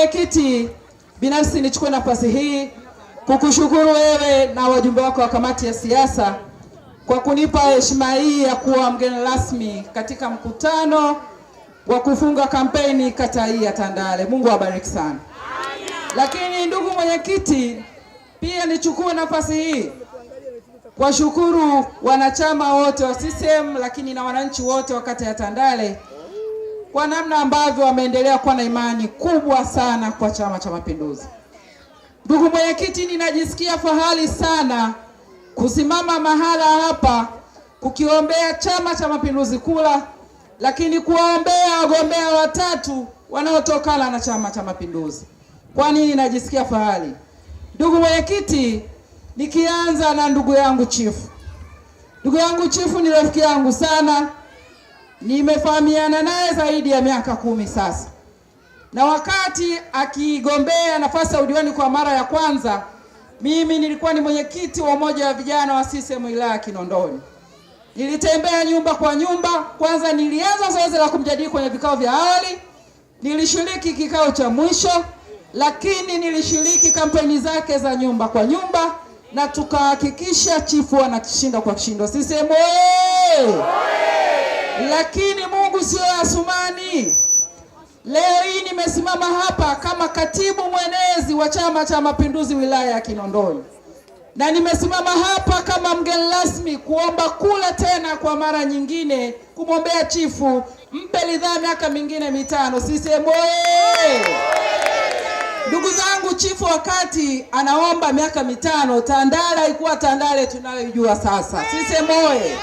Mwenyekiti, binafsi nichukue nafasi hii kukushukuru wewe na wajumbe wako wa kamati ya siasa kwa kunipa heshima hii ya kuwa mgeni rasmi katika mkutano wa kufunga kampeni kata hii ya Tandale. Mungu awabariki sana. Lakini ndugu mwenyekiti, pia nichukue nafasi hii kuwashukuru wanachama wote wa CCM, lakini na wananchi wote wa kata ya Tandale kwa namna ambavyo wameendelea kuwa na imani kubwa sana kwa Chama cha Mapinduzi. Ndugu mwenyekiti, ninajisikia fahari sana kusimama mahala hapa kukiombea Chama cha Mapinduzi kula lakini kuwaombea wagombea watatu wanaotokana na Chama cha Mapinduzi. Kwa nini najisikia fahari? Ndugu mwenyekiti, nikianza na ndugu yangu Chifu. Ndugu yangu Chifu ni rafiki yangu sana nimefahamiana naye zaidi ya miaka kumi sasa, na wakati akigombea nafasi ya udiwani kwa mara ya kwanza, mimi nilikuwa ni mwenyekiti wa umoja wa vijana wa CCM wilaya ya Kinondoni. Nilitembea nyumba kwa nyumba. Kwanza nilianza zoezi la kumjadili kwenye vikao vya awali, nilishiriki kikao cha mwisho, lakini nilishiriki kampeni zake za nyumba kwa nyumba na tukahakikisha chifu anakishinda kwa kishindo. CCM oyee! lakini Mungu sio Asumani. Leo hii nimesimama hapa kama katibu mwenezi wa Chama cha Mapinduzi wilaya ya Kinondoni, na nimesimama hapa kama mgeni rasmi kuomba kula tena kwa mara nyingine kumwombea chifu, mpe ridhaa miaka mingine mitano. CCM oyee! Ndugu zangu, chifu wakati anaomba miaka mitano, Tandale haikuwa Tandale tunayoijua sasa. CCM oyee!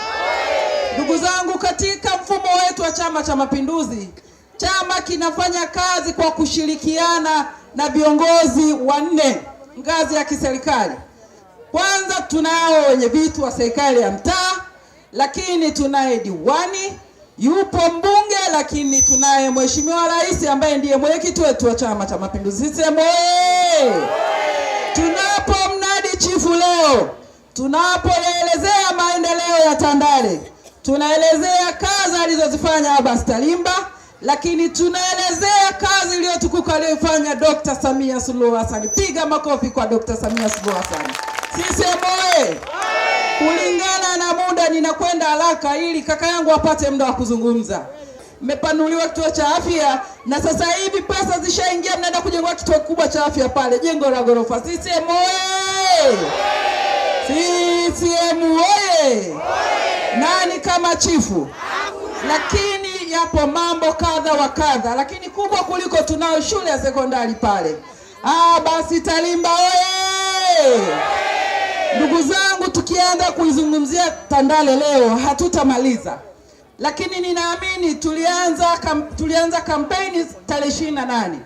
Ndugu zangu, katika mfumo wetu wa Chama cha Mapinduzi, chama kinafanya kazi kwa kushirikiana na viongozi wanne ngazi ya kiserikali. Kwanza tunao wenye viti wa serikali ya mtaa, lakini tunaye diwani, yupo mbunge, lakini tunaye mheshimiwa rais ambaye ndiye mwenyekiti wetu wa Chama cha Mapinduzi. Sisemu mnadi chifu leo, tunapoelezea maendeleo ya Tandale tunaelezea kazi alizozifanya Abbas Talimba, lakini tunaelezea kazi iliyotukuka aliyoifanya Dr. Samia Suluhu Hassan. Piga makofi kwa Dr. Samia Suluhu Hassan. Sisi oye! Kulingana na muda, ninakwenda haraka ili kaka yangu apate muda wa kuzungumza. Mmepanuliwa kituo cha afya na sasa hivi pesa zishaingia, mnaenda kujengwa kituo kikubwa cha afya pale jengo la ghorofa. CCM oye! CCM oye! nani kama chifu, lakini yapo mambo kadha wa kadha, lakini kubwa kuliko tunayo shule ya sekondari pale. Ah, basi Talimba oye! Ndugu zangu, tukianza kuizungumzia Tandale leo hatutamaliza, lakini ninaamini tulianza, kam, tulianza kampeni tarehe ishirini na nane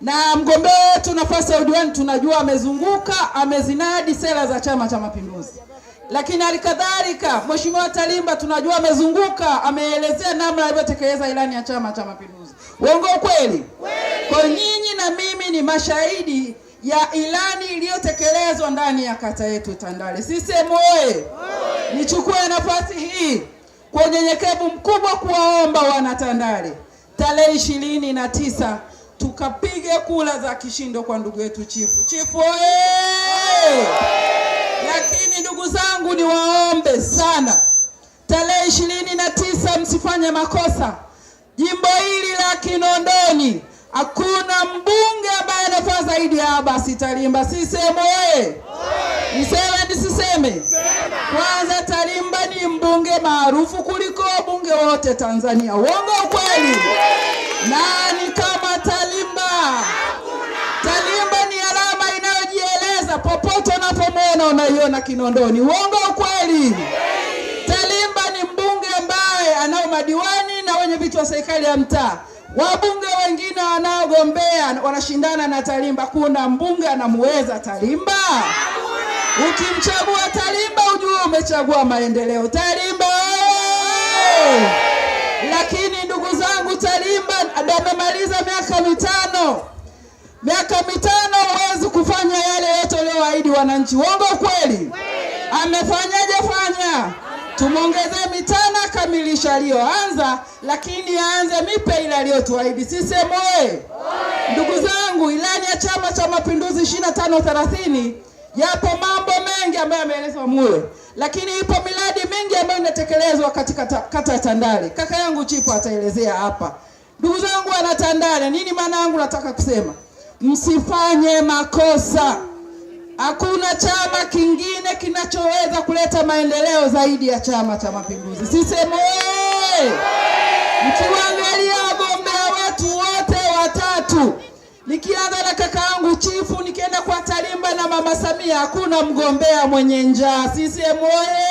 na mgombea wetu nafasi ya udiwani tunajua amezunguka, amezinadi sera za Chama cha Mapinduzi. Lakini halikadhalika Mheshimiwa Talimba tunajua amezunguka, ameelezea namna alivyotekeleza ilani ya Chama cha Mapinduzi. Uongo kweli? Kwa nyinyi na mimi ni mashahidi ya ilani iliyotekelezwa ndani ya kata yetu Tandale. CCM oye! Nichukue nafasi hii kwa unyenyekevu mkubwa kuwaomba wana Tandale, tarehe ishirini na tisa tukapige kula za kishindo kwa ndugu yetu Chifu. Chifu oye! Lakini ndugu zangu, niwaombe sana, tarehe ishirini na tisa msifanye makosa. Jimbo hili la Kinondoni hakuna mbunge ambaye anafaa zaidi ya Abbas Tarimba. CCM oyee! Niseme nisiseme? Kwanza, Tarimba ni mbunge maarufu kuliko wabunge wote Tanzania. Uongo na nika tena unaiona Kinondoni. Uongo ukweli? Talimba ni mbunge ambaye anao madiwani na wenye viti wa serikali ya mtaa, wabunge wengine wanaogombea wanashindana na Talimba. Kuna mbunge anamuweza Talimba? Ukimchagua Talimba ujue umechagua maendeleo. Talimba Lakini ndugu zangu, Talimba amemaliza miaka mitano, miaka mitano huwezi kufanya yote uliowaahidi wananchi. Uongo kweli? Amefanyaje? Fanya, tumwongezee mitana, kamilisha aliyoanza, lakini aanze mipe ile aliyotuahidi. CCM oye! Ndugu zangu, ilani ya Chama cha Mapinduzi 25 30 yapo mambo mengi ambayo yameelezwa mule, lakini ipo miradi mingi ambayo inatekelezwa katika ta, kata ya Tandale. Kaka yangu Chipo ataelezea hapa. Ndugu zangu wana Tandale, nini maana yangu nataka kusema, msifanye makosa. Hakuna chama kingine kinachoweza kuleta maendeleo zaidi ya Chama cha Mapinduzi. Sisemu oye! Mkiwaangalia wagombea wetu wote watatu, nikianza na kaka yangu Chifu, nikienda kwa Talimba na mama Samia, hakuna mgombea mwenye njaa. Sisemu oye!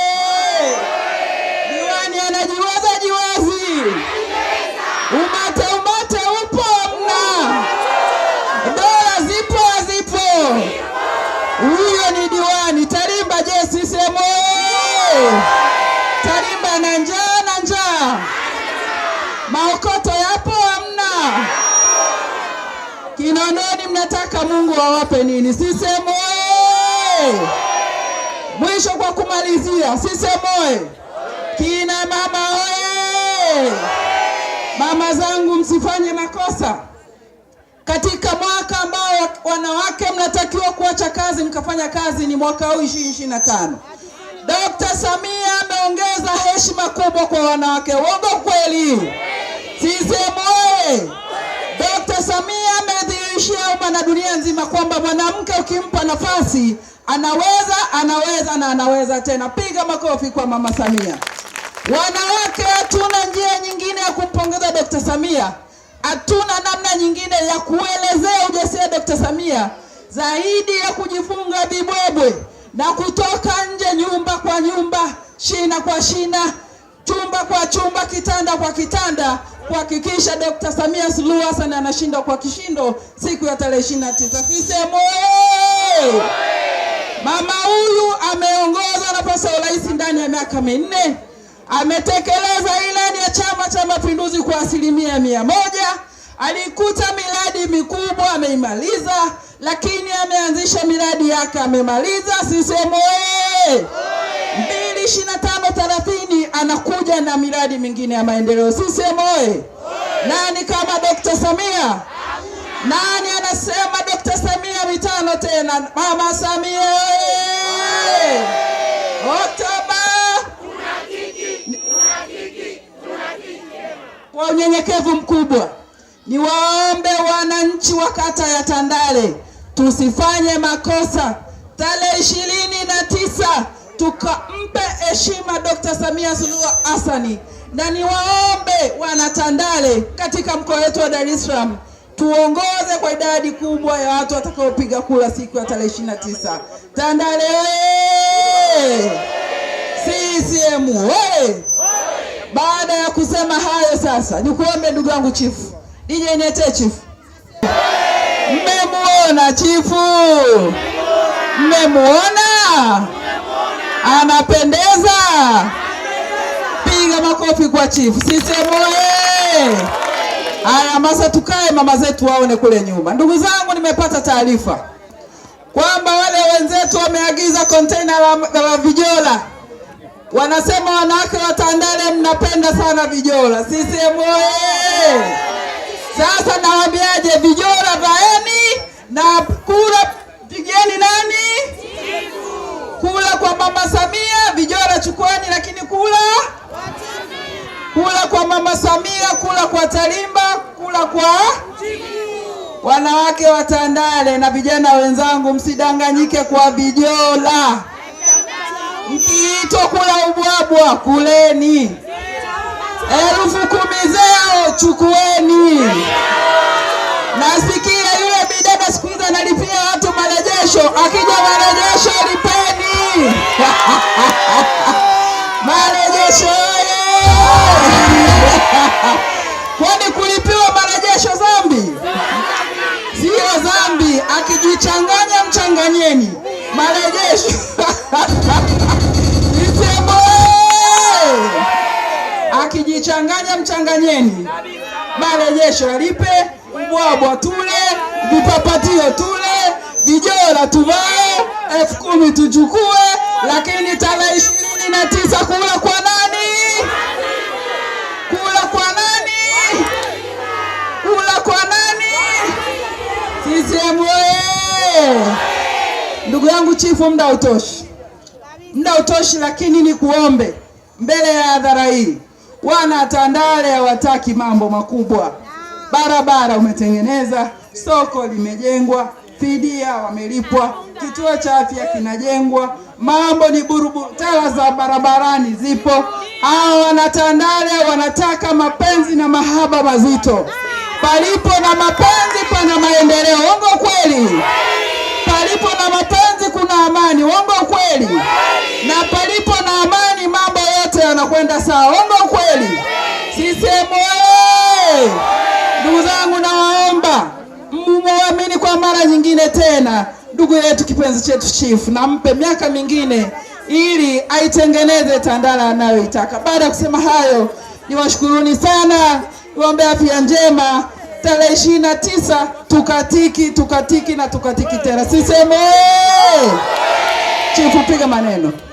Diwani anajiwaza jiwazi Tarimba na njaa na njaa, maokoto yapo hamna? Kinondoni mnataka Mungu awape nini? Sisemu hoye Mwisho kwa kumalizia, sisemu hoye Kina mama oye! Mama zangu msifanye makosa katika mwaka ambao wanawake mnatakiwa kuacha kazi mkafanya kazi, ni mwaka huu Dkt. Samia ameongeza heshima kubwa kwa wanawake. Uongo kweli? CCM oye! Dkt. Samia amedhihirishia umma na dunia nzima kwamba mwanamke ukimpa nafasi anaweza, anaweza na anaweza tena. Piga makofi kwa mama Samia. Wanawake hatuna njia nyingine ya kumpongeza Dkt. Samia, hatuna namna nyingine ya kuelezea ujasiri wa Dkt. Samia zaidi ya kujifunga vibwebwe na kutoka nje, nyumba kwa nyumba, shina kwa shina, chumba kwa chumba, kitanda kwa kitanda, kuhakikisha Dkt. Samia Suluhu Hassan anashinda kwa kishindo siku ya tarehe 29. Sisemo mama huyu ameongoza nafasi ya urais ndani ya miaka minne, ametekeleza ilani ya Chama cha Mapinduzi kwa asilimia mia moja. Alikuta miradi mikubwa ameimaliza lakini ameanzisha miradi yake amemaliza. CCM oyee! mbili ishirini na tano thelathini anakuja na miradi mingine ya maendeleo. CCM oye nani kama Dr. Samia? Nani anasema Dr. Samia mitano tena? Mama Samia oyee! Oktoba kwa unyenyekevu mkubwa niwaombe wananchi wa kata ya Tandale Tusifanye makosa tarehe ishirini na tisa tukampe heshima Dr. Samia Suluhu Hassani, na niwaombe wana Tandale katika mkoa wetu wa Dar es Salaam tuongoze kwa idadi kubwa ya watu watakaopiga kura siku ya tarehe ishirini na tisa. Tandale CCM oye! Baada ya kusema hayo, sasa nikuombe ndugu yangu chifu DJ Nete chifu na chifu? Mmemwona? Anapendeza? Piga makofi kwa chifu. Sisemu oye! Haya, masa tukae, mama zetu waone kule nyuma. Ndugu zangu, nimepata taarifa kwamba wale wenzetu wameagiza kontena la, la vijola. Wanasema wanawake wa Tandale mnapenda sana vijola. Sisi oye! Sasa nawaambiaje, vijola vaeni na kura pigeni nani? Tiku. Kula kwa mama Samia, vijora chukwani, lakini kula kula kwa mama Samia, kula kwa Talimba, kula kwa Wanawake wa Tandale na vijana wenzangu, msidanganyike kwa vijola Mkiitwa kula ubwabwa, kuleni. Elfu kumi zao chukueni. Nasikia analipia watu marejesho. Akija marejesho, lipeni marejesho kwani kulipiwa marejesho zambi Sio zambi Akijichanganya mchanganyeni marejesho akijichanganya mchanganyeni marejesho alipe Mbwabwa tule, vipapatio tule, vijola tuvae, elfu kumi tuchukue, lakini tarehe ishirini na tisa kula kwa nani? Kula kwa nani? Kula kwa nani? CCM oye! Ndugu yangu chifu, muda utoshi, muda utoshi, lakini ni kuombe mbele ya hadhara hii, wana Tandale hawataki mambo makubwa barabara umetengeneza, soko limejengwa, fidia wamelipwa, kituo cha afya kinajengwa, mambo ni burubu, tala za barabarani zipo. Hawa wanatandale wanataka mapenzi na mahaba mazito. Palipo na mapenzi pana maendeleo, wongo kweli? Palipo na mapenzi kuna amani, uongo mara nyingine tena ndugu yetu kipenzi chetu chifu, nampe miaka mingine ili aitengeneze Tandala anayoitaka. Baada ya kusema hayo, niwashukuruni sana, niwaombe afya njema. Tarehe ishirini na tisa tukatiki tukatiki na tukatiki tena, siseme chifu, piga maneno.